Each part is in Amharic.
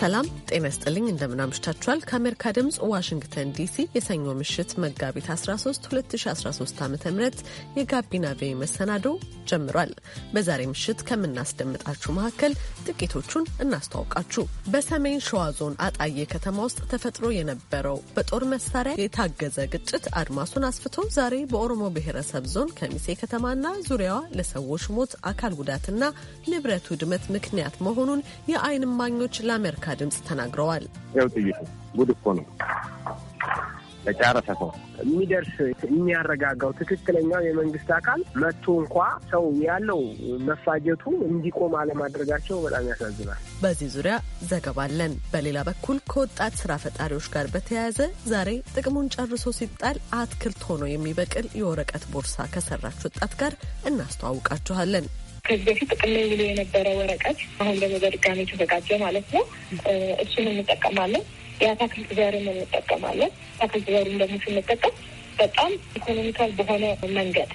ሰላም ጤና ስጥልኝ። እንደምናምሽታችኋል። ከአሜሪካ ድምፅ ዋሽንግተን ዲሲ የሰኞ ምሽት መጋቢት 13 2013 ዓ ም የጋቢና ቬ መሰናዶ ጀምሯል። በዛሬ ምሽት ከምናስደምጣችሁ መካከል ጥቂቶቹን እናስተዋውቃችሁ። በሰሜን ሸዋ ዞን አጣዬ ከተማ ውስጥ ተፈጥሮ የነበረው በጦር መሳሪያ የታገዘ ግጭት አድማሱን አስፍቶ ዛሬ በኦሮሞ ብሔረሰብ ዞን ከሚሴ ከተማና ዙሪያዋ ለሰዎች ሞት፣ አካል ጉዳትና ንብረት ውድመት ምክንያት መሆኑን የአይን እማኞች ለአሜሪካ ለአሜሪካ ድምፅ ተናግረዋል። ይኸው ጥይቱ ጉድ እኮ ነው ሰው የሚደርስ የሚያረጋጋው ትክክለኛው የመንግስት አካል መጥቶ እንኳ ሰው ያለው መፋጀቱ እንዲቆም አለማድረጋቸው በጣም ያሳዝናል። በዚህ ዙሪያ ዘገባ አለን። በሌላ በኩል ከወጣት ስራ ፈጣሪዎች ጋር በተያያዘ ዛሬ ጥቅሙን ጨርሶ ሲጣል አትክልት ሆኖ የሚበቅል የወረቀት ቦርሳ ከሰራች ወጣት ጋር እናስተዋውቃችኋለን። ከዚህ በፊት ጥቅም ብሎ ውሎ የነበረ ወረቀት አሁን ደግሞ በድጋሚ ተዘጋጀ ማለት ነው። እሱን እንጠቀማለን። የአታክልት ዘርን እንጠቀማለን። አታክልት ዘሩን ደግሞ ስንጠቀም በጣም ኢኮኖሚካል በሆነ መንገድ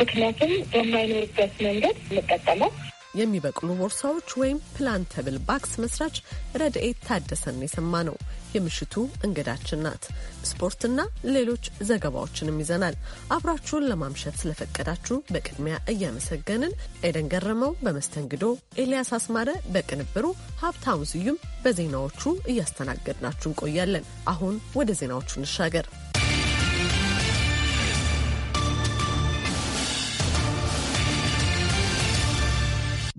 ብክነትም በማይኖርበት መንገድ እንጠቀመው። የሚበቅሉ ቦርሳዎች ወይም ፕላንተብል ባክስ መስራች ረድኤት ታደሰን የሰማ ነው። የምሽቱ እንግዳችን ናት። ስፖርትና ሌሎች ዘገባዎችንም ይዘናል። አብራችሁን ለማምሸት ስለፈቀዳችሁ በቅድሚያ እያመሰገንን ኤደን ገረመው በመስተንግዶ፣ ኤልያስ አስማረ በቅንብሩ፣ ሀብታሙ ስዩም በዜናዎቹ እያስተናገድናችሁ እንቆያለን። አሁን ወደ ዜናዎቹ እንሻገር።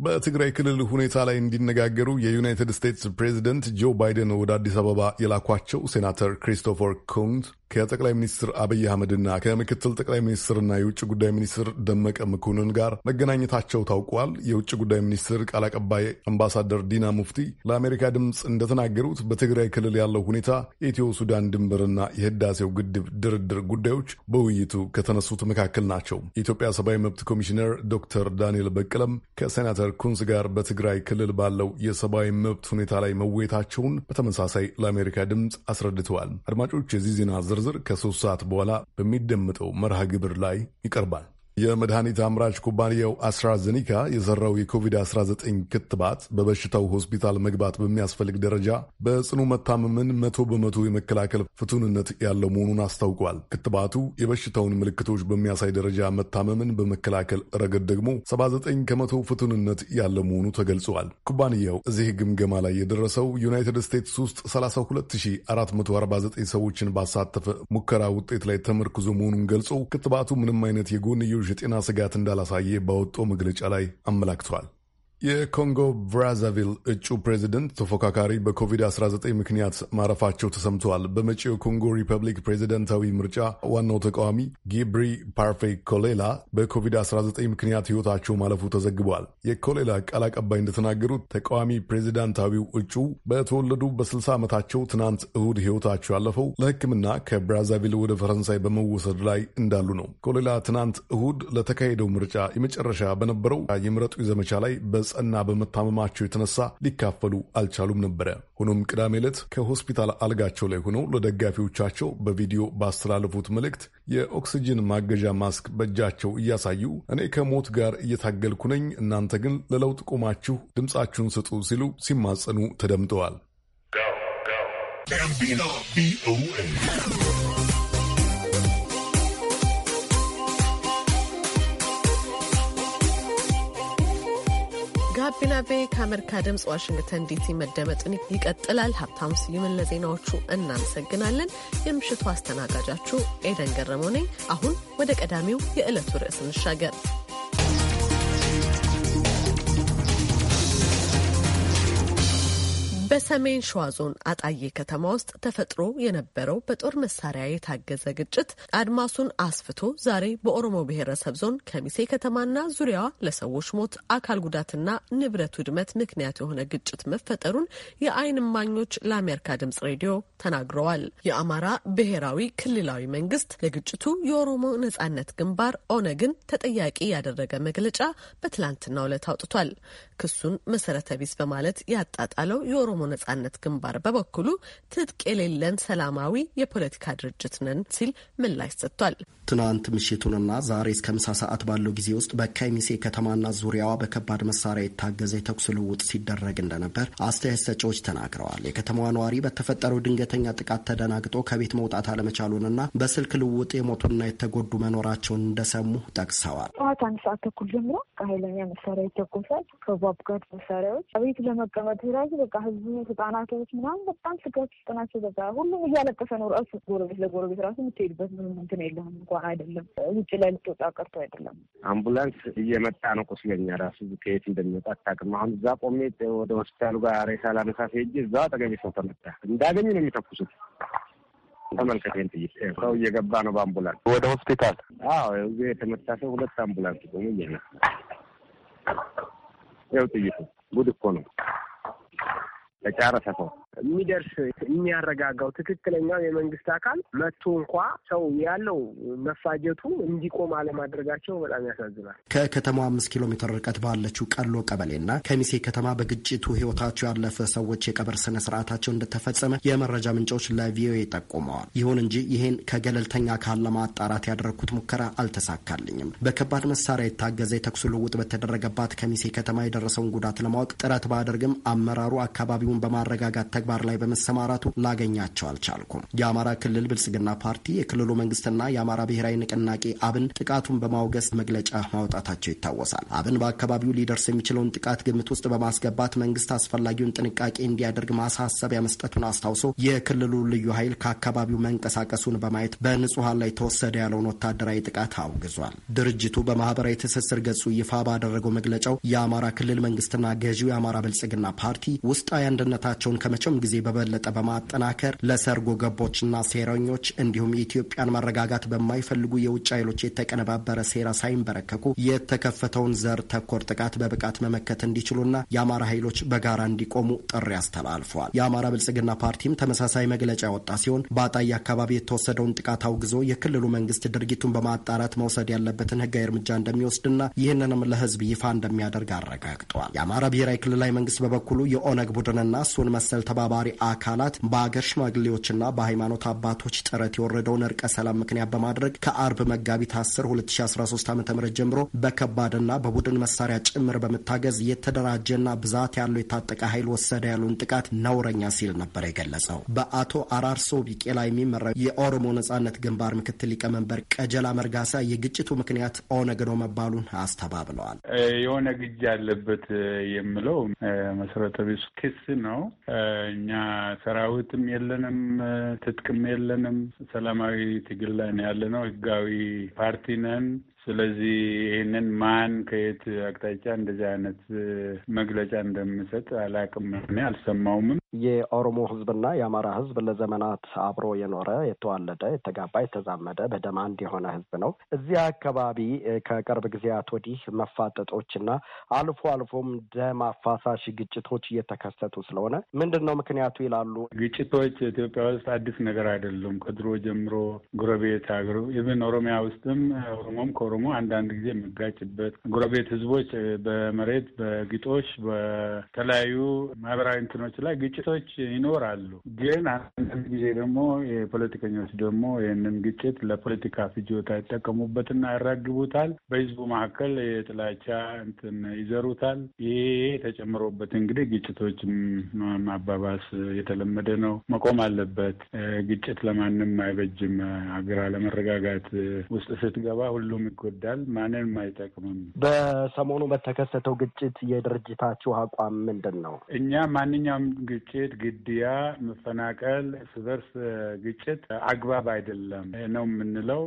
በትግራይ ክልል ሁኔታ ላይ እንዲነጋገሩ የዩናይትድ ስቴትስ ፕሬዚደንት ጆ ባይደን ወደ አዲስ አበባ የላኳቸው ሴናተር ክሪስቶፈር ኮንት ከጠቅላይ ሚኒስትር አብይ አህመድና ከምክትል ጠቅላይ ሚኒስትርና የውጭ ጉዳይ ሚኒስትር ደመቀ መኮንን ጋር መገናኘታቸው ታውቋል። የውጭ ጉዳይ ሚኒስትር ቃል አቀባይ አምባሳደር ዲና ሙፍቲ ለአሜሪካ ድምፅ እንደተናገሩት በትግራይ ክልል ያለው ሁኔታ የኢትዮ ሱዳን ድንበርና የህዳሴው ግድብ ድርድር ጉዳዮች በውይይቱ ከተነሱት መካከል ናቸው። የኢትዮጵያ ሰብአዊ መብት ኮሚሽነር ዶክተር ዳንኤል በቀለም ከሴናተር ኩንስ ጋር በትግራይ ክልል ባለው የሰብአዊ መብት ሁኔታ ላይ መወየታቸውን በተመሳሳይ ለአሜሪካ ድምፅ አስረድተዋል። አድማጮች የዚህ ዜና ዝርዝር ከሶስት ሰዓት በኋላ በሚደመጠው መርሃ ግብር ላይ ይቀርባል። የመድኃኒት አምራች ኩባንያው አስትራዘኒካ የሰራው የኮቪድ-19 ክትባት በበሽታው ሆስፒታል መግባት በሚያስፈልግ ደረጃ በጽኑ መታመምን መቶ በመቶ የመከላከል ፍቱንነት ያለው መሆኑን አስታውቋል። ክትባቱ የበሽታውን ምልክቶች በሚያሳይ ደረጃ መታመምን በመከላከል ረገድ ደግሞ 79 ከመቶ ፍቱንነት ያለው መሆኑ ተገልጿል። ኩባንያው እዚህ ግምገማ ላይ የደረሰው ዩናይትድ ስቴትስ ውስጥ 32449 ሰዎችን ባሳተፈ ሙከራ ውጤት ላይ ተመርክዞ መሆኑን ገልጾ ክትባቱ ምንም አይነት የጎንዮሽ የጤና ስጋት እንዳላሳየ ባወጣው መግለጫ ላይ አመላክቷል። የኮንጎ ብራዛቪል እጩ ፕሬዚደንት ተፎካካሪ በኮቪድ-19 ምክንያት ማረፋቸው ተሰምተዋል። በመጪው ኮንጎ ሪፐብሊክ ፕሬዚደንታዊ ምርጫ ዋናው ተቃዋሚ ጊብሪ ፓርፌ ኮሌላ በኮቪድ-19 ምክንያት ሕይወታቸው ማለፉ ተዘግቧል። የኮሌላ ቃል አቀባይ እንደተናገሩት ተቃዋሚ ፕሬዚዳንታዊው እጩ በተወለዱ በ60 ዓመታቸው ትናንት እሁድ ሕይወታቸው ያለፈው ለሕክምና ከብራዛቪል ወደ ፈረንሳይ በመወሰድ ላይ እንዳሉ ነው። ኮሌላ ትናንት እሁድ ለተካሄደው ምርጫ የመጨረሻ በነበረው የምረጡ ዘመቻ ላይ በ በጸና በመታመማቸው የተነሳ ሊካፈሉ አልቻሉም ነበረ። ሆኖም ቅዳሜ ዕለት ከሆስፒታል አልጋቸው ላይ ሆነው ለደጋፊዎቻቸው በቪዲዮ ባስተላለፉት መልእክት የኦክስጅን ማገዣ ማስክ በእጃቸው እያሳዩ እኔ ከሞት ጋር እየታገልኩ ነኝ፣ እናንተ ግን ለለውጥ ቆማችሁ ድምፃችሁን ስጡ ሲሉ ሲማጸኑ ተደምጠዋል። ጋቢና ቤ ከአሜሪካ ድምፅ ዋሽንግተን ዲሲ መደመጥን ይቀጥላል። ሀብታሙ ስዩምን ለዜናዎቹ እናመሰግናለን። የምሽቱ አስተናጋጃችሁ ኤደን ገረመው ነኝ። አሁን ወደ ቀዳሚው የዕለቱ ርዕስ እንሻገር። በሰሜን ሸዋ ዞን አጣዬ ከተማ ውስጥ ተፈጥሮ የነበረው በጦር መሳሪያ የታገዘ ግጭት አድማሱን አስፍቶ ዛሬ በኦሮሞ ብሔረሰብ ዞን ከሚሴ ከተማና ዙሪያዋ ለሰዎች ሞት፣ አካል ጉዳትና ንብረት ውድመት ምክንያት የሆነ ግጭት መፈጠሩን የአይን እማኞች ለአሜሪካ ድምጽ ሬዲዮ ተናግረዋል። የአማራ ብሔራዊ ክልላዊ መንግስት ለግጭቱ የኦሮሞ ነጻነት ግንባር ኦነግን ተጠያቂ ያደረገ መግለጫ በትላንትናው ዕለት አውጥቷል። ክሱን መሰረተ ቢስ በማለት ያጣጣለው የኦሮሞ ነጻነት ግንባር በበኩሉ ትጥቅ የሌለን ሰላማዊ የፖለቲካ ድርጅት ነን ሲል ምላሽ ሰጥቷል። ትናንት ምሽቱንና ዛሬ እስከ ምሳ ሰዓት ባለው ጊዜ ውስጥ በከሚሴ ከተማና ዙሪያዋ በከባድ መሳሪያ የታገዘ የተኩስ ልውውጥ ሲደረግ እንደነበር አስተያየት ሰጪዎች ተናግረዋል። የከተማዋ ነዋሪ በተፈጠረው ድንገተኛ ጥቃት ተደናግጦ ከቤት መውጣት አለመቻሉንና በስልክ ልውውጥ የሞቱና የተጎዱ መኖራቸውን እንደሰሙ ጠቅሰዋል። ጠዋት አንድ ሰዓት ተኩል ጀምሮ ከኃይለኛ መሳሪያ ይተኮሳል። አጋት መሳሪያዎች ቤት ለመቀመጥ ራሱ በቃ ህዝቡ፣ ህጻናቶች ምናምን በጣም ስጋት ውስጥ ናቸው። በቃ ሁሉም እያለቀሰ ነው። ራሱ ጎረቤት ለጎረቤት ራሱ የምትሄድበት ምንም እንትን የለም እንኳን አይደለም ውጭ ላይ ልትወጣ ቀርቶ አይደለም አምቡላንስ እየመጣ ነው። ቁስለኛ ራሱ ከየት እንደሚወጣ አታውቅም። አሁን እዛ ቆሜ ወደ ሆስፒታሉ ጋር ሬሳ ላነሳ ሄጄ እዛ አጠገቤ ሰው ተመታ እንዳገኝ ነው የሚተኩሱት። ተመልከቴን ጥይት ሰው እየገባ ነው በአምቡላንስ ወደ ሆስፒታል። አዎ የተመታ ሰው ሁለት አምቡላንስ ቆሙ እያለ Yo te digo, muy የሚደርስ የሚያረጋጋው ትክክለኛው የመንግስት አካል መጥቶ እንኳ ሰው ያለው መፋጀቱ እንዲቆም አለማድረጋቸው በጣም ያሳዝናል። ከከተማው አምስት ኪሎ ሜትር ርቀት ባለችው ቀሎ ቀበሌና ከሚሴ ከተማ በግጭቱ ህይወታቸው ያለፈ ሰዎች የቀብር ስነ ስርዓታቸው እንደተፈጸመ የመረጃ ምንጮች ለቪኦኤ ጠቁመዋል። ይሁን እንጂ ይህን ከገለልተኛ አካል ለማጣራት ያደረግኩት ሙከራ አልተሳካልኝም። በከባድ መሳሪያ የታገዘ የተኩስ ልውውጥ በተደረገባት ከሚሴ ከተማ የደረሰውን ጉዳት ለማወቅ ጥረት ባደርግም አመራሩ አካባቢውን በማረጋጋት ተግባር ላይ በመሰማራቱ ላገኛቸው አልቻልኩም። የአማራ ክልል ብልጽግና ፓርቲ የክልሉ መንግስትና የአማራ ብሔራዊ ንቅናቄ አብን ጥቃቱን በማውገዝ መግለጫ ማውጣታቸው ይታወሳል። አብን በአካባቢው ሊደርስ የሚችለውን ጥቃት ግምት ውስጥ በማስገባት መንግስት አስፈላጊውን ጥንቃቄ እንዲያደርግ ማሳሰቢያ መስጠቱን አስታውሶ የክልሉ ልዩ ኃይል ከአካባቢው መንቀሳቀሱን በማየት በንጹሐን ላይ ተወሰደ ያለውን ወታደራዊ ጥቃት አውግዟል። ድርጅቱ በማህበራዊ ትስስር ገጹ ይፋ ባደረገው መግለጫው የአማራ ክልል መንግስትና ገዢው የአማራ ብልጽግና ፓርቲ ውስጣዊ አንድነታቸውን ከመቼ ከመቼውም ጊዜ በበለጠ በማጠናከር ለሰርጎ ገቦችና ሴረኞች እንዲሁም የኢትዮጵያን መረጋጋት በማይፈልጉ የውጭ ኃይሎች የተቀነባበረ ሴራ ሳይንበረከኩ የተከፈተውን ዘር ተኮር ጥቃት በብቃት መመከት እንዲችሉና የአማራ ኃይሎች በጋራ እንዲቆሙ ጥሪ አስተላልፏል። የአማራ ብልጽግና ፓርቲም ተመሳሳይ መግለጫ ያወጣ ሲሆን በአጣይ አካባቢ የተወሰደውን ጥቃት አውግዞ የክልሉ መንግስት ድርጊቱን በማጣራት መውሰድ ያለበትን ህጋዊ እርምጃ እንደሚወስድና ይህንንም ለህዝብ ይፋ እንደሚያደርግ አረጋግጧል። የአማራ ብሔራዊ ክልላዊ መንግስት በበኩሉ የኦነግ ቡድንና እሱን መሰል ተባ ተባባሪ አካላት በአገር ሽማግሌዎችና በሃይማኖት አባቶች ጥረት የወረደውን እርቀ ሰላም ምክንያት በማድረግ ከአርብ መጋቢት 10 2013 ዓ ም ጀምሮ በከባድና በቡድን መሳሪያ ጭምር በመታገዝ የተደራጀና ብዛት ያለው የታጠቀ ኃይል ወሰደ ያሉን ጥቃት ነውረኛ ሲል ነበር የገለጸው። በአቶ አራርሶ ቢቄላ የሚመራው የኦሮሞ ነጻነት ግንባር ምክትል ሊቀመንበር ቀጀላ መርጋሳ የግጭቱ ምክንያት ኦነግ ነው መባሉን አስተባብለዋል። የኦነግ እጅ ያለበት የምለው መሰረተ ቢስ ክስ ነው። እኛ ሰራዊትም የለንም፣ ትጥቅም የለንም። ሰላማዊ ትግል ላይ ነው ያለ ነው። ህጋዊ ፓርቲ ነን። ስለዚህ ይህንን ማን ከየት አቅጣጫ እንደዚህ አይነት መግለጫ እንደምሰጥ አላቅም። እኔ አልሰማውም። የኦሮሞ ህዝብና የአማራ ህዝብ ለዘመናት አብሮ የኖረ የተዋለደ የተጋባ የተዛመደ በደም አንድ የሆነ ህዝብ ነው። እዚያ አካባቢ ከቅርብ ጊዜያት ወዲህ መፋጠጦች እና አልፎ አልፎም ደም አፋሳሽ ግጭቶች እየተከሰቱ ስለሆነ ምንድን ነው ምክንያቱ ይላሉ። ግጭቶች ኢትዮጵያ ውስጥ አዲስ ነገር አይደሉም። ከድሮ ጀምሮ ጎረቤት ሀገሩ ኢቨን ኦሮሚያ ውስጥም ኦሮሞም ከኦሮሞ አንዳንድ ጊዜ የሚጋጭበት ጎረቤት ህዝቦች በመሬት በግጦሽ በተለያዩ ማህበራዊ እንትኖች ላይ ግጭ ግጭቶች ይኖራሉ። ግን አንዳንድ ጊዜ ደግሞ የፖለቲከኞች ደግሞ ይህንን ግጭት ለፖለቲካ ፍጆታ ይጠቀሙበትና ያራግቡታል። በህዝቡ መካከል የጥላቻ እንትን ይዘሩታል። ይሄ ተጨምሮበት እንግዲህ ግጭቶች ማባባስ የተለመደ ነው። መቆም አለበት። ግጭት ለማንም አይበጅም። ሀገር አለመረጋጋት ውስጥ ስትገባ ሁሉም ይጎዳል፣ ማንም አይጠቅምም። በሰሞኑ በተከሰተው ግጭት የድርጅታችሁ አቋም ምንድን ነው? እኛ ማንኛውም ግጭ ግጭት፣ ግድያ፣ መፈናቀል፣ እርስ በርስ ግጭት አግባብ አይደለም ነው የምንለው።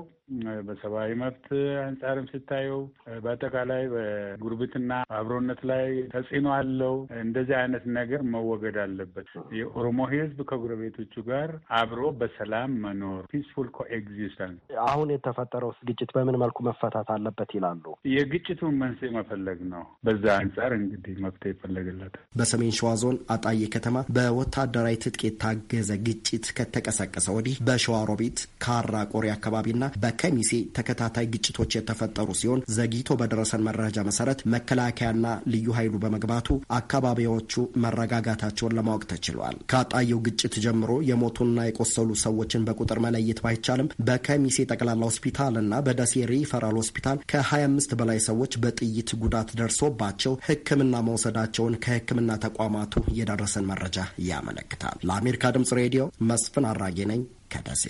በሰብአዊ መብት አንጻርም ስታየው በአጠቃላይ በጉርብትና አብሮነት ላይ ተጽዕኖ አለው። እንደዚህ አይነት ነገር መወገድ አለበት። የኦሮሞ ህዝብ ከጎረቤቶቹ ጋር አብሮ በሰላም መኖር ፒስፉል ኮኤግዚስተንስ። አሁን የተፈጠረው ግጭት በምን መልኩ መፈታት አለበት ይላሉ? የግጭቱን መንስኤ መፈለግ ነው። በዛ አንጻር እንግዲህ መፍትሄ ይፈለግለት። በሰሜን ሸዋ ዞን አጣዬ ከተማ በወታደራዊ ትጥቅ የታገዘ ግጭት ከተቀሰቀሰ ወዲህ በሸዋ ሮቢት፣ ካራ ቆሬ አካባቢና በ ከሚሴ ተከታታይ ግጭቶች የተፈጠሩ ሲሆን ዘግይቶ በደረሰን መረጃ መሰረት መከላከያና ልዩ ኃይሉ በመግባቱ አካባቢዎቹ መረጋጋታቸውን ለማወቅ ተችሏል። ከአጣየው ግጭት ጀምሮ የሞቱና የቆሰሉ ሰዎችን በቁጥር መለየት ባይቻልም በከሚሴ ጠቅላላ ሆስፒታል በደሴ ሪፈራል ሆስፒታል ከ25 በላይ ሰዎች በጥይት ጉዳት ደርሶባቸው ሕክምና መውሰዳቸውን ከሕክምና ተቋማቱ የደረሰን መረጃ ያመለክታል። ለአሜሪካ ድምጽ ሬዲዮ መስፍን አራጌ ነኝ ከደሴ።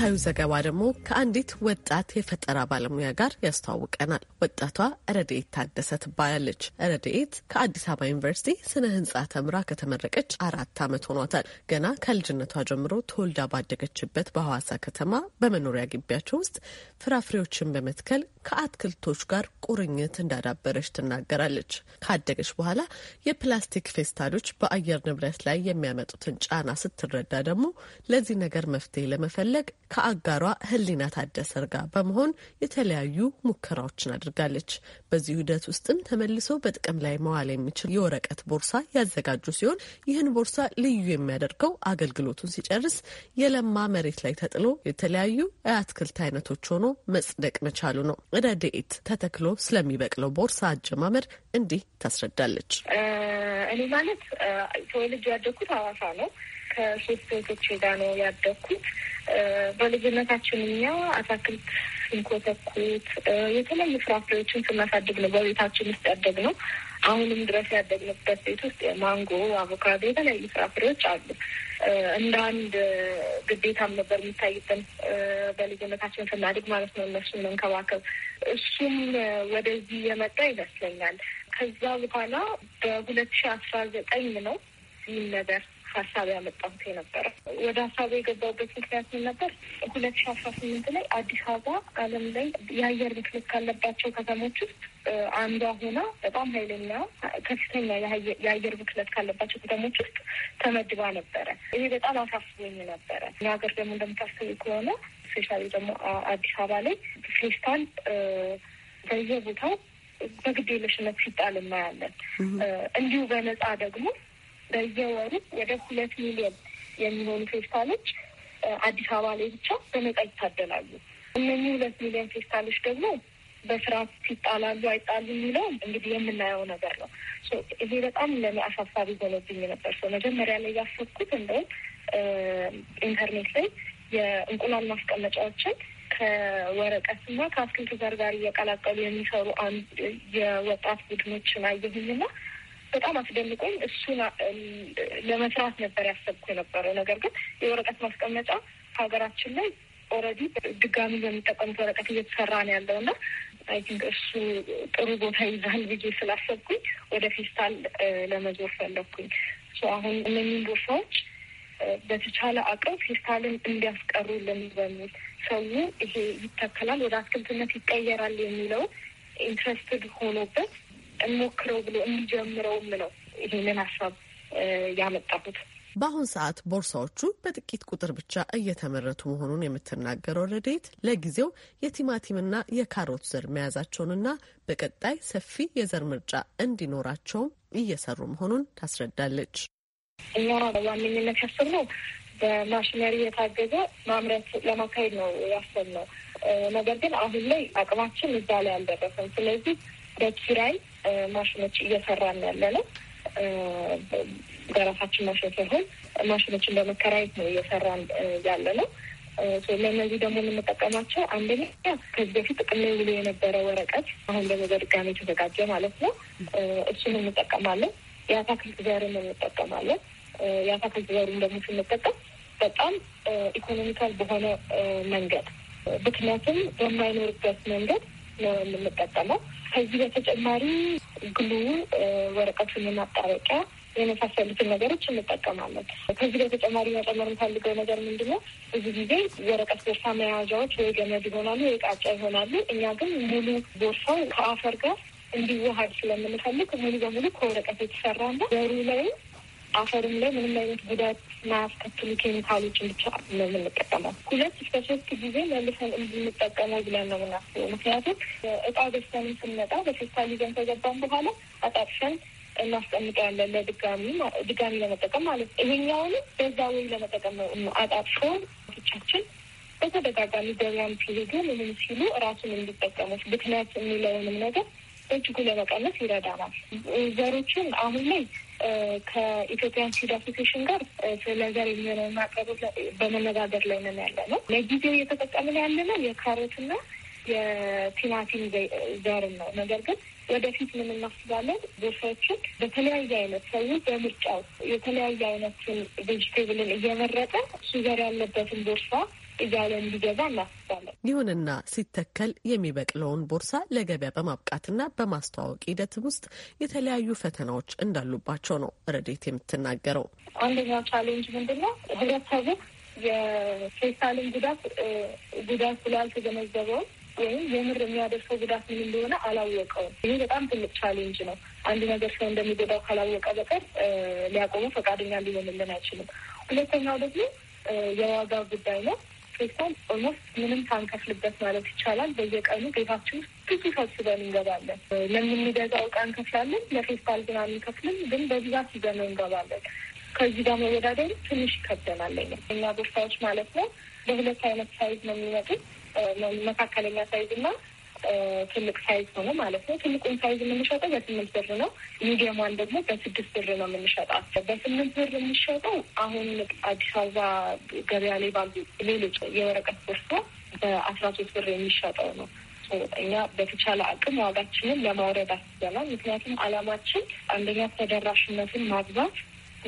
ተከታዩ ዘገባ ደግሞ ከአንዲት ወጣት የፈጠራ ባለሙያ ጋር ያስተዋውቀናል። ወጣቷ ረድኤት ታደሰ ትባላለች። ረድኤት ከአዲስ አበባ ዩኒቨርሲቲ ስነ ህንጻ ተምራ ከተመረቀች አራት ዓመት ሆኗታል። ገና ከልጅነቷ ጀምሮ ተወልዳ ባደገችበት በሐዋሳ ከተማ በመኖሪያ ግቢያቸው ውስጥ ፍራፍሬዎችን በመትከል ከአትክልቶች ጋር ቁርኝት እንዳዳበረች ትናገራለች። ካደገች በኋላ የፕላስቲክ ፌስታሎች በአየር ንብረት ላይ የሚያመጡትን ጫና ስትረዳ ደግሞ ለዚህ ነገር መፍትሄ ለመፈለግ ከአጋሯ ህሊና ታደሰር ጋር በመሆን የተለያዩ ሙከራዎችን አድርጋለች። በዚህ ሂደት ውስጥም ተመልሶ በጥቅም ላይ መዋል የሚችል የወረቀት ቦርሳ ያዘጋጁ ሲሆን ይህን ቦርሳ ልዩ የሚያደርገው አገልግሎቱን ሲጨርስ የለማ መሬት ላይ ተጥሎ የተለያዩ የአትክልት አይነቶች ሆኖ መጽደቅ መቻሉ ነው። እዳድኤት ተተክሎ ስለሚበቅለው ቦርሳ አጀማመር እንዲህ ታስረዳለች። እኔ ማለት ልጅ ያደግኩት ሐዋሳ ነው። ከሶስት እህቶቼ ጋር ነው ያደግኩት። በልጅነታችን እኛ አታክልት ስንኮተኩት የተለያዩ ፍራፍሬዎችን ስናሳድግ ነው በቤታችን ውስጥ ያደግ ነው። አሁንም ድረስ ያደግንበት ቤት ውስጥ የማንጎ፣ አቮካዶ፣ የተለያዩ ፍራፍሬዎች አሉ። እንደ አንድ ግዴታም ነበር የሚታይብን በልጅነታችን ስናድግ ማለት ነው እነሱን መንከባከብ። እሱም ወደዚህ የመጣ ይመስለኛል። ከዛ በኋላ በሁለት ሺ አስራ ዘጠኝ ነው ይህን ነገር ሀሳብ ያመጣሁት የነበረ ወደ ሀሳቡ የገባሁበት ምክንያት ምን ነበር? ሁለት ሺ አስራ ስምንት ላይ አዲስ አበባ ዓለም ላይ የአየር ብክለት ካለባቸው ከተሞች ውስጥ አንዷ ሆና በጣም ኃይለኛ ከፍተኛ የአየር ብክለት ካለባቸው ከተሞች ውስጥ ተመድባ ነበረ። ይሄ በጣም አሳስቦኝ ነበረ። እኛ ሀገር ደግሞ እንደምታስቡ ከሆነ ስፔሻሊ ደግሞ አዲስ አበባ ላይ ፌስታል በየቦታው በግድ የለሽነት ሲጣል እናያለን። እንዲሁ በነፃ ደግሞ በየወሩ ወደ ሁለት ሚሊዮን የሚሆኑ ፌስታሎች አዲስ አበባ ላይ ብቻ በነጻ ይታደላሉ። እነኚህ ሁለት ሚሊዮን ፌስታሎች ደግሞ በስራ ይጣላሉ አይጣሉ የሚለው እንግዲህ የምናየው ነገር ነው። ይሄ በጣም ለእኔ አሳሳቢ ሆኖብኝ ነበር። ሰው መጀመሪያ ላይ ያሰብኩት እንደውም ኢንተርኔት ላይ የእንቁላል ማስቀመጫዎችን ከወረቀትና ከአትክልት ዘር ጋር እየቀላቀሉ የሚሰሩ አንድ የወጣት ቡድኖችን አየሁኝና በጣም አስደንቆኝ እሱን ለመስራት ነበር ያሰብኩ የነበረው። ነገር ግን የወረቀት ማስቀመጫ ሀገራችን ላይ ኦልሬዲ ድጋሚ በሚጠቀሙት ወረቀት እየተሰራ ነው ያለው እና አይ ቲንክ እሱ ጥሩ ቦታ ይዛል ብዬ ስላሰብኩኝ ወደ ፌስታል ለመዞር ፈለግኩኝ። አሁን እነኝን ቦርሳዎች በተቻለ አቅም ፌስታልን እንዲያስቀሩልን በሚል ሰው ይሄ ይተከላል፣ ወደ አትክልትነት ይቀየራል የሚለው ኢንትረስትድ ሆኖበት እንሞክረው ብሎ እንጀምረውም ነው ይህንን ሀሳብ ያመጣሁት። በአሁን ሰዓት ቦርሳዎቹ በጥቂት ቁጥር ብቻ እየተመረቱ መሆኑን የምትናገረው ረዴት ለጊዜው የቲማቲምና የካሮት ዘር መያዛቸውንና በቀጣይ ሰፊ የዘር ምርጫ እንዲኖራቸውም እየሰሩ መሆኑን ታስረዳለች። እኛ በዋነኝነት ያሰብነው በማሽነሪ የታገዘ ማምረት ለማካሄድ ነው ያሰብነው። ነገር ግን አሁን ላይ አቅማችን እዛ ላይ አልደረሰም። ስለዚህ በኪራይ ማሽኖች እየሰራን ያለ ነው። በራሳችን ማሽን ሳይሆን ማሽኖችን በመከራየት ነው እየሰራን ያለ ነው። ለእነዚህ ደግሞ የምንጠቀማቸው አንደኛ ከዚህ በፊት ጥቅም ላይ ውሎ የነበረ ወረቀት አሁን ደግሞ በድጋሚ የተዘጋጀ ማለት ነው። እሱን እንጠቀማለን። የአታክልት ዘርን እንጠቀማለን። የአታክልት ዘሩን ደግሞ ስንጠቀም በጣም ኢኮኖሚካል በሆነ መንገድ ብክነትም በማይኖርበት መንገድ ነው የምንጠቀመው። ከዚህ በተጨማሪ ግሉ፣ ወረቀቱን የማጣበቂያ የመሳሰሉትን ነገሮች እንጠቀማለን። ከዚህ በተጨማሪ መጨመር የምፈልገው ነገር ምንድን ነው? ብዙ ጊዜ ወረቀት ቦርሳ መያዣዎች ወይ ገመድ ይሆናሉ ወይ ቃጫ ይሆናሉ። እኛ ግን ሙሉ ቦርሳው ከአፈር ጋር እንዲዋሀድ ስለምንፈልግ ሙሉ በሙሉ ከወረቀት ነው። ዘሩ ላይ አፈርም ላይ ምንም አይነት ጉዳት ማያስከትሉ ኬሚካሎችን ብቻ ነው የምንጠቀመው። ሁለት እስከ ሶስት ጊዜ መልሰን እንድንጠቀመው ብለን ነው ምናስበው። ምክንያቱም እቃ ገዝተንም ስንመጣ በፌስታል ይዘን ከገባን በኋላ አጣጥፈን እናስቀምጠዋለን ለድጋሚ ድጋሚ ለመጠቀም ማለት ነው። ይሄኛውንም በዛ ወይ ለመጠቀም ነው አጣጥፎ ቶቻችን በተደጋጋሚ ገበያም ሲሄዱ ምንም ሲሉ እራሱን እንዲጠቀሙት ብክነት የሚለውንም ነገር በእጅጉ ለመቀነስ ይረዳናል። ዘሮችን አሁን ላይ ከኢትዮጵያን ሲድ አሶሴሽን ጋር ስለ ዘር የሚሆነውን ማቀሩ በመነጋገር ላይ ነን ያለ ነው። ለጊዜው እየተጠቀምን ያለ ነው የካሮትና የቲማቲም ዘርን ነው። ነገር ግን ወደፊት ምን እናስባለን? ቦርሳዎችን በተለያየ አይነት ሰው በምርጫው የተለያየ አይነትን ቬጅቴብልን እየመረጠ እሱ ዘር ያለበትን ቦርሳ እያለ እንዲገዛ እናስባለን። ይሁንና ሲተከል የሚበቅለውን ቦርሳ ለገበያ በማብቃትና በማስተዋወቅ ሂደት ውስጥ የተለያዩ ፈተናዎች እንዳሉባቸው ነው ረዴት የምትናገረው። አንደኛው ቻሌንጅ ምንድን ነው? ህብረተሰቡ የፌስታልን ጉዳት ጉዳት ስላልተገነዘበው ወይም የምር የሚያደርሰው ጉዳት ምን እንደሆነ አላወቀውም። ይህ በጣም ትልቅ ቻሌንጅ ነው። አንድ ነገር ሰው እንደሚጎዳው ካላወቀ በቀር ሊያቆሙ ፈቃደኛ ሊሆንልን አይችልም። ሁለተኛው ደግሞ የዋጋ ጉዳይ ነው። ፕላትፎርም ኦልሞስት ምንም ታንከፍልበት ማለት ይቻላል። በየቀኑ ቤታችን ውስጥ ብዙ ሰብስበን እንገባለን። ለምንገዛው እቃ እንከፍላለን። ለፌስታል ግን አንከፍልም፣ ግን በብዛት ይዘነው እንገባለን። ከዚህ ጋር መወዳደሩ ትንሽ ይከብደናል። እኛ ቦርሳዎች ማለት ነው በሁለት አይነት ሳይዝ ነው የሚመጡት መካከለኛ ሳይዝ እና ትልቅ ሳይዝ ሆኖ ማለት ነው። ትልቁን ሳይዝ የምንሸጠው በስምንት ብር ነው። ሚዲየሟን ደግሞ በስድስት ብር ነው የምንሸጣት። በስምንት ብር የምንሸጠው አሁን አዲስ አበባ ገበያ ላይ ባሉ ሌሎች የወረቀት ቦርሳ በአስራ ሶስት ብር የሚሸጠው ነው። እኛ በተቻለ አቅም ዋጋችንን ለማውረድ አስበናል። ምክንያቱም አላማችን አንደኛ ተደራሽነትን ማግባት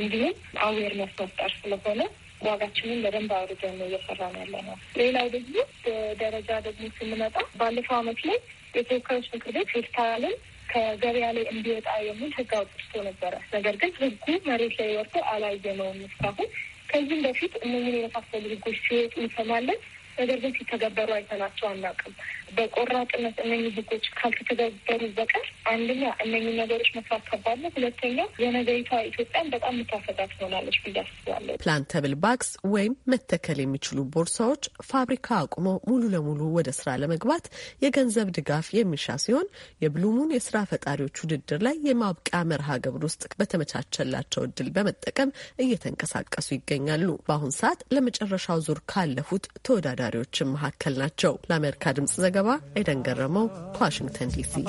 እንዲሁም አዌርነስ መፍጠር ስለሆነ ዋጋችንን በደንብ አውርደን ነው እየሰራን ያለ ነው። ሌላው ደግሞ በደረጃ ደግሞ ስንመጣ ባለፈው አመት ላይ የተወካዮች ምክር ቤት ፌስታልን ከገበያ ላይ እንዲወጣ የሚል ህግ አውጥቶ ነበረ። ነገር ግን ህጉ መሬት ላይ አላየ ነው እስካሁን። ከዚህም በፊት እነዚህን የመሳሰሉ ህጎች ሲወጡ እንሰማለን። ነገር ግን ሲተገበሩ አይተናቸው አናውቅም። በቆራጥነት እነኚህ ህጎች ካልተተገበሩ በቀር አንደኛ እነኚህ ነገሮች መስራት ከባድ ነው፣ ሁለተኛ የነገሪቷ ኢትዮጵያን በጣም የምታሰጋ ትሆናለች ብዬ አስባለሁ። ፕላንተብል ባግስ ወይም መተከል የሚችሉ ቦርሳዎች ፋብሪካ አቁመው ሙሉ ለሙሉ ወደ ስራ ለመግባት የገንዘብ ድጋፍ የሚሻ ሲሆን የብሉሙን የስራ ፈጣሪዎች ውድድር ላይ የማብቂያ መርሃ ግብር ውስጥ በተመቻቸላቸው እድል በመጠቀም እየተንቀሳቀሱ ይገኛሉ። በአሁን ሰዓት ለመጨረሻው ዙር ካለፉት ተወዳዳ ተወዳዳሪዎችም መካከል ናቸው። ለአሜሪካ ድምጽ ዘገባ ኤደን ገረመው ከዋሽንግተን ዲሲ።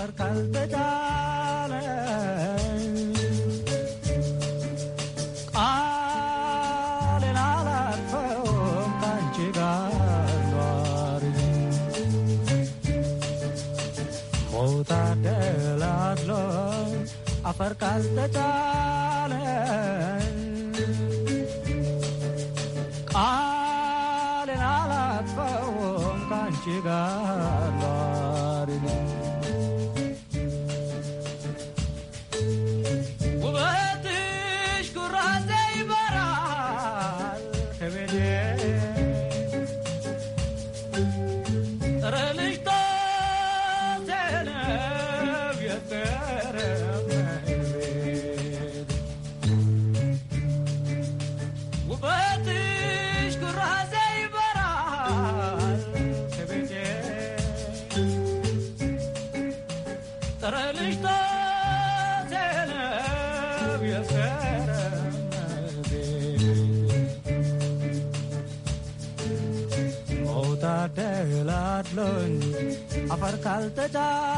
I'll 제가 kaltata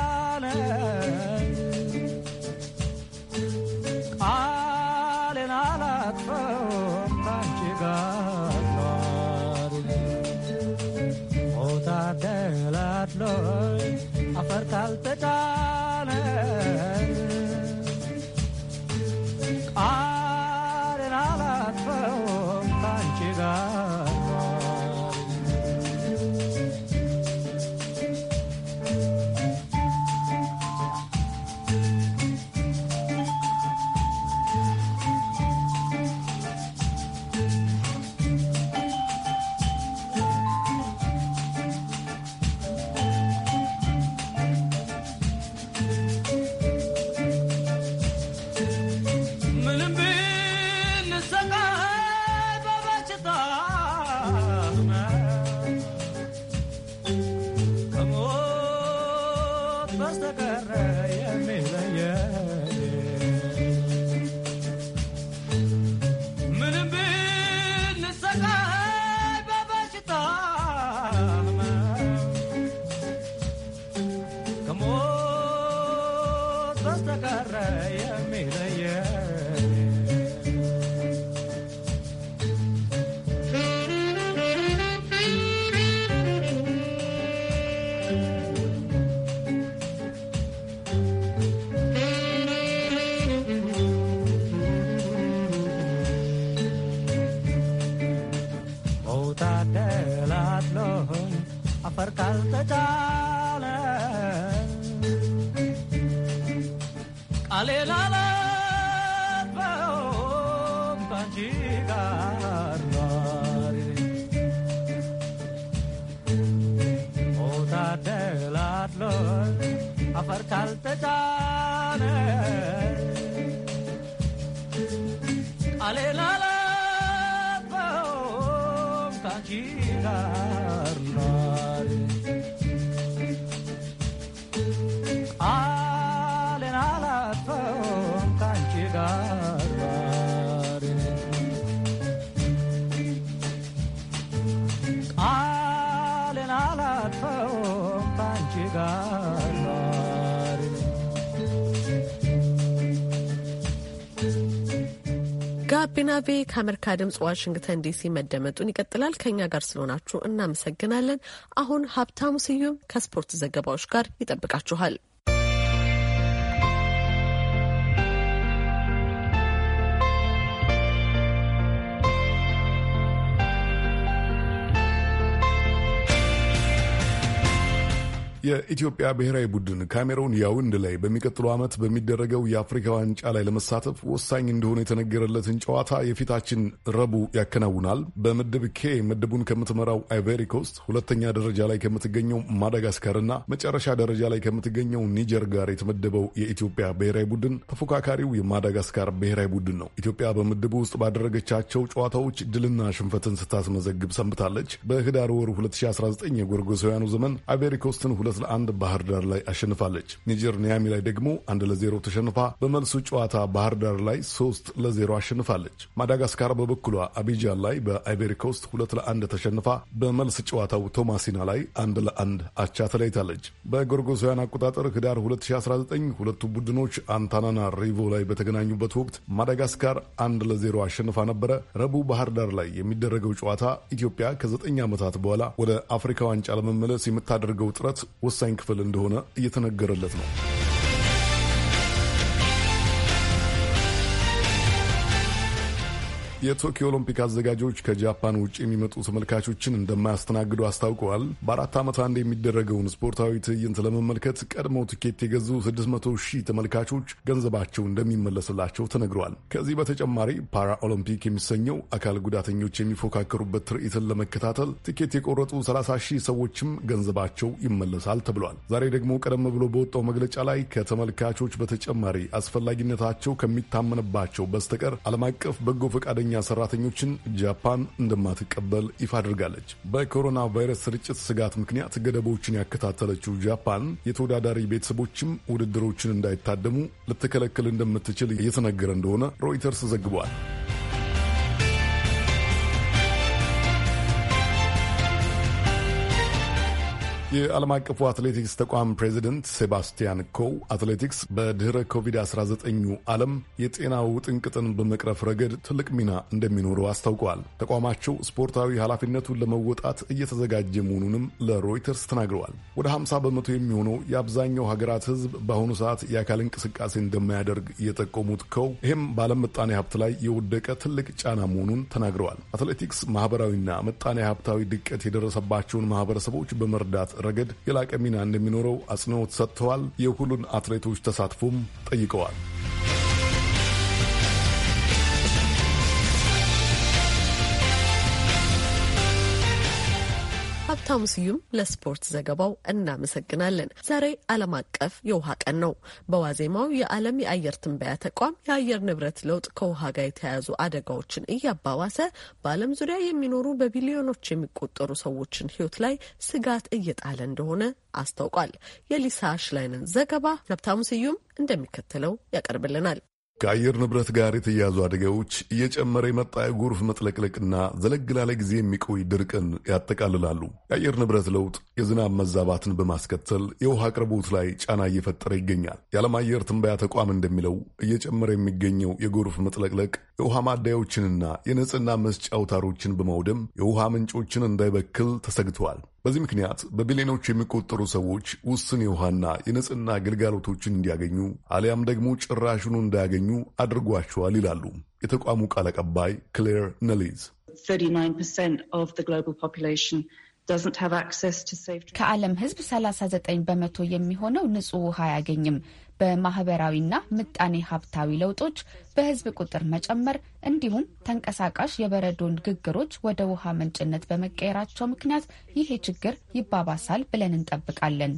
ጋቢና ቤ ከአሜሪካ ድምጽ ዋሽንግተን ዲሲ መደመጡን ይቀጥላል። ከእኛ ጋር ስለሆናችሁ እናመሰግናለን። አሁን ሀብታሙ ስዩም ከስፖርት ዘገባዎች ጋር ይጠብቃችኋል። የኢትዮጵያ ብሔራዊ ቡድን ካሜሮን ያውንድ ላይ በሚቀጥለው ዓመት በሚደረገው የአፍሪካ ዋንጫ ላይ ለመሳተፍ ወሳኝ እንደሆነ የተነገረለትን ጨዋታ የፊታችን ረቡዕ ያከናውናል። በምድብ ኬ ምድቡን ከምትመራው አይቬሪኮስት ኮስት፣ ሁለተኛ ደረጃ ላይ ከምትገኘው ማዳጋስካርና መጨረሻ ደረጃ ላይ ከምትገኘው ኒጀር ጋር የተመደበው የኢትዮጵያ ብሔራዊ ቡድን ተፎካካሪው የማዳጋስካር ብሔራዊ ቡድን ነው። ኢትዮጵያ በምድቡ ውስጥ ባደረገቻቸው ጨዋታዎች ድልና ሽንፈትን ስታስመዘግብ ሰንብታለች። በህዳር ወር 2019 የጎርጎሳውያኑ ዘመን አይቨሪ ኮስትን ሁለት ለአንድ ባህር ዳር ላይ አሸንፋለች። ኒጀር ኒያሚ ላይ ደግሞ አንድ ለዜሮ ተሸንፋ በመልሱ ጨዋታ ባህር ዳር ላይ ሶስት ለዜሮ አሸንፋለች። ማዳጋስካር በበኩሏ አቢጃን ላይ በአይቤሪኮስት ሁለት ለአንድ ተሸንፋ በመልስ ጨዋታው ቶማሲና ላይ አንድ ለአንድ አቻ ተለይታለች። በጎርጎሳውያን አቆጣጠር ህዳር 2019 ሁለቱ ቡድኖች አንታናና ሪቮ ላይ በተገናኙበት ወቅት ማዳጋስካር አንድ ለዜሮ አሸንፋ ነበረ። ረቡዕ ባህር ዳር ላይ የሚደረገው ጨዋታ ኢትዮጵያ ከዘጠኝ ዓመታት በኋላ ወደ አፍሪካ ዋንጫ ለመመለስ የምታደርገው ጥረት ወሳኝ ክፍል እንደሆነ እየተነገረለት ነው። የቶኪዮ ኦሎምፒክ አዘጋጆች ከጃፓን ውጭ የሚመጡ ተመልካቾችን እንደማያስተናግዱ አስታውቀዋል። በአራት ዓመት አንድ የሚደረገውን ስፖርታዊ ትዕይንት ለመመልከት ቀድመው ትኬት የገዙ 600 ሺህ ተመልካቾች ገንዘባቸው እንደሚመለስላቸው ተነግረዋል። ከዚህ በተጨማሪ ፓራ ኦሎምፒክ የሚሰኘው አካል ጉዳተኞች የሚፎካከሩበት ትርኢትን ለመከታተል ትኬት የቆረጡ 30 ሺህ ሰዎችም ገንዘባቸው ይመለሳል ተብሏል። ዛሬ ደግሞ ቀደም ብሎ በወጣው መግለጫ ላይ ከተመልካቾች በተጨማሪ አስፈላጊነታቸው ከሚታመንባቸው በስተቀር ዓለም አቀፍ በጎ ፈቃደኛ ከፍተኛ ሰራተኞችን ጃፓን እንደማትቀበል ይፋ አድርጋለች። በኮሮና ቫይረስ ስርጭት ስጋት ምክንያት ገደቦችን ያከታተለችው ጃፓን የተወዳዳሪ ቤተሰቦችም ውድድሮችን እንዳይታደሙ ልትከለክል እንደምትችል እየተነገረ እንደሆነ ሮይተርስ ዘግቧል። የዓለም አቀፉ አትሌቲክስ ተቋም ፕሬዚደንት ሴባስቲያን ኮው አትሌቲክስ በድኅረ ኮቪድ-19 ዓለም የጤና ውጥንቅጥን በመቅረፍ ረገድ ትልቅ ሚና እንደሚኖረው አስታውቀዋል። ተቋማቸው ስፖርታዊ ኃላፊነቱን ለመወጣት እየተዘጋጀ መሆኑንም ለሮይተርስ ተናግረዋል። ወደ 50 በመቶ የሚሆነው የአብዛኛው ሀገራት ሕዝብ በአሁኑ ሰዓት የአካል እንቅስቃሴ እንደማያደርግ የጠቆሙት ኮው ይህም በዓለም ምጣኔ ሀብት ላይ የወደቀ ትልቅ ጫና መሆኑን ተናግረዋል። አትሌቲክስ ማህበራዊና ምጣኔ ሀብታዊ ድቀት የደረሰባቸውን ማህበረሰቦች በመርዳት ረገድ የላቀ ሚና እንደሚኖረው አጽንኦት ሰጥተዋል። የሁሉን አትሌቶች ተሳትፎም ጠይቀዋል። ሀብታሙ ስዩም ለስፖርት ዘገባው እናመሰግናለን። ዛሬ ዓለም አቀፍ የውሃ ቀን ነው። በዋዜማው የዓለም የአየር ትንበያ ተቋም የአየር ንብረት ለውጥ ከውሃ ጋር የተያያዙ አደጋዎችን እያባባሰ በዓለም ዙሪያ የሚኖሩ በቢሊዮኖች የሚቆጠሩ ሰዎችን ሕይወት ላይ ስጋት እየጣለ እንደሆነ አስታውቋል። የሊሳ ሽላይንን ዘገባ ሀብታሙ ስዩም እንደሚከተለው ያቀርብልናል። ከአየር ንብረት ጋር የተያያዙ አደጋዎች እየጨመረ የመጣ የጎርፍ መጥለቅለቅና ዘለግ ላለ ጊዜ የሚቆይ ድርቅን ያጠቃልላሉ። የአየር ንብረት ለውጥ የዝናብ መዛባትን በማስከተል የውሃ አቅርቦት ላይ ጫና እየፈጠረ ይገኛል። የዓለም አየር ትንበያ ተቋም እንደሚለው እየጨመረ የሚገኘው የጎርፍ መጥለቅለቅ የውሃ ማደያዎችንና የንጽህና መስጫ አውታሮችን በማውደም የውሃ ምንጮችን እንዳይበክል ተሰግተዋል። በዚህ ምክንያት በቢሊዮኖች የሚቆጠሩ ሰዎች ውስን የውሃና የንጽህና ግልጋሎቶችን እንዲያገኙ አሊያም ደግሞ ጭራሹኑ እንዳያገኙ አድርጓቸዋል ይላሉ የተቋሙ ቃል አቀባይ ክሌር ነሊዝ። ከዓለም ሕዝብ 39 በመቶ የሚሆነው ንጹህ ውሃ አያገኝም። በማህበራዊና ምጣኔ ሀብታዊ ለውጦች፣ በህዝብ ቁጥር መጨመር እንዲሁም ተንቀሳቃሽ የበረዶን ግግሮች ወደ ውሃ ምንጭነት በመቀየራቸው ምክንያት ይሄ ችግር ይባባሳል ብለን እንጠብቃለን።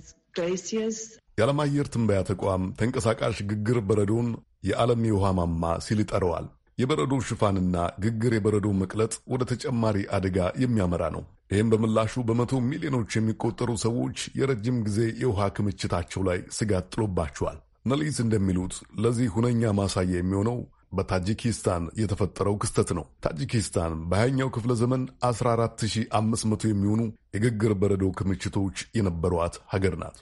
የዓለም አየር ትንበያ ተቋም ተንቀሳቃሽ ግግር በረዶን የዓለም የውሃ ማማ ሲል ይጠረዋል። የበረዶ ሽፋንና ግግር የበረዶ መቅለጥ ወደ ተጨማሪ አደጋ የሚያመራ ነው። ይህም በምላሹ በመቶ ሚሊዮኖች የሚቆጠሩ ሰዎች የረጅም ጊዜ የውሃ ክምችታቸው ላይ ስጋት ጥሎባቸዋል። ነሊት እንደሚሉት ለዚህ ሁነኛ ማሳያ የሚሆነው በታጂኪስታን የተፈጠረው ክስተት ነው። ታጂኪስታን በሃያኛው ክፍለ ዘመን 14500 የሚሆኑ የግግር በረዶ ክምችቶች የነበሯት ሀገር ናት።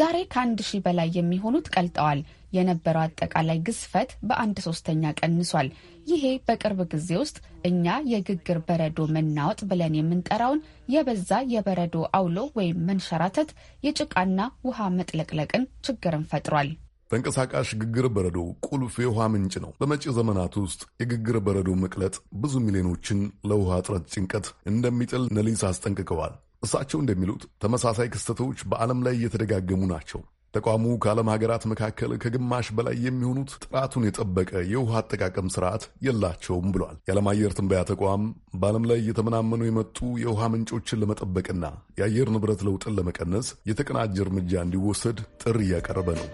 ዛሬ ከአንድ ሺህ በላይ የሚሆኑት ቀልጠዋል። የነበረው አጠቃላይ ግዝፈት በአንድ ሶስተኛ ቀንሷል። ይሄ በቅርብ ጊዜ ውስጥ እኛ የግግር በረዶ መናወጥ ብለን የምንጠራውን የበዛ የበረዶ አውሎ ወይም መንሸራተት፣ የጭቃና ውሃ መጥለቅለቅን ችግርን ፈጥሯል። ተንቀሳቃሽ ግግር በረዶ ቁልፍ የውሃ ምንጭ ነው። በመጪ ዘመናት ውስጥ የግግር በረዶ መቅለጥ ብዙ ሚሊዮኖችን ለውሃ እጥረት ጭንቀት እንደሚጥል ነሊስ አስጠንቅቀዋል። እሳቸው እንደሚሉት ተመሳሳይ ክስተቶች በዓለም ላይ እየተደጋገሙ ናቸው። ተቋሙ ከዓለም ሀገራት መካከል ከግማሽ በላይ የሚሆኑት ጥራቱን የጠበቀ የውሃ አጠቃቀም ስርዓት የላቸውም ብሏል። የዓለም አየር ትንበያ ተቋም በዓለም ላይ እየተመናመኑ የመጡ የውሃ ምንጮችን ለመጠበቅና የአየር ንብረት ለውጥን ለመቀነስ የተቀናጀ እርምጃ እንዲወሰድ ጥሪ እያቀረበ ነው።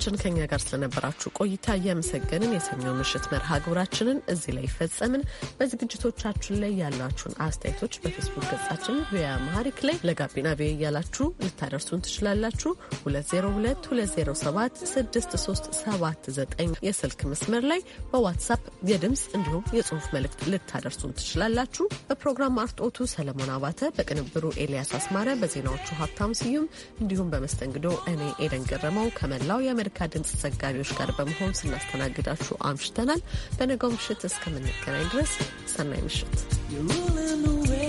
አድማጮቻችን ከኛ ጋር ስለነበራችሁ ቆይታ እያመሰገንን የሰኞ ምሽት መርሃ ግብራችንን እዚህ ላይ ይፈጸምን። በዝግጅቶቻችን ላይ ያላችሁን አስተያየቶች በፌስቡክ ገጻችን ቪያ ማሪክ ላይ ለጋቢና ቪ እያላችሁ ልታደርሱን ትችላላችሁ። 2022076379 የስልክ መስመር ላይ በዋትሳፕ የድምፅ እንዲሁም የጽሁፍ መልእክት ልታደርሱን ትችላላችሁ። በፕሮግራም አርጦቱ ሰለሞን አባተ፣ በቅንብሩ ኤልያስ አስማረ፣ በዜናዎቹ ሀብታም ስዩም እንዲሁም በመስተንግዶ እኔ ኤደን ገረመው ከመላው የአሜሪ ከአሜሪካ ድምፅ ዘጋቢዎች ጋር በመሆን ስናስተናግዳችሁ አምሽተናል። በነገው ምሽት እስከምንገናኝ ድረስ ሰናይ ምሽት።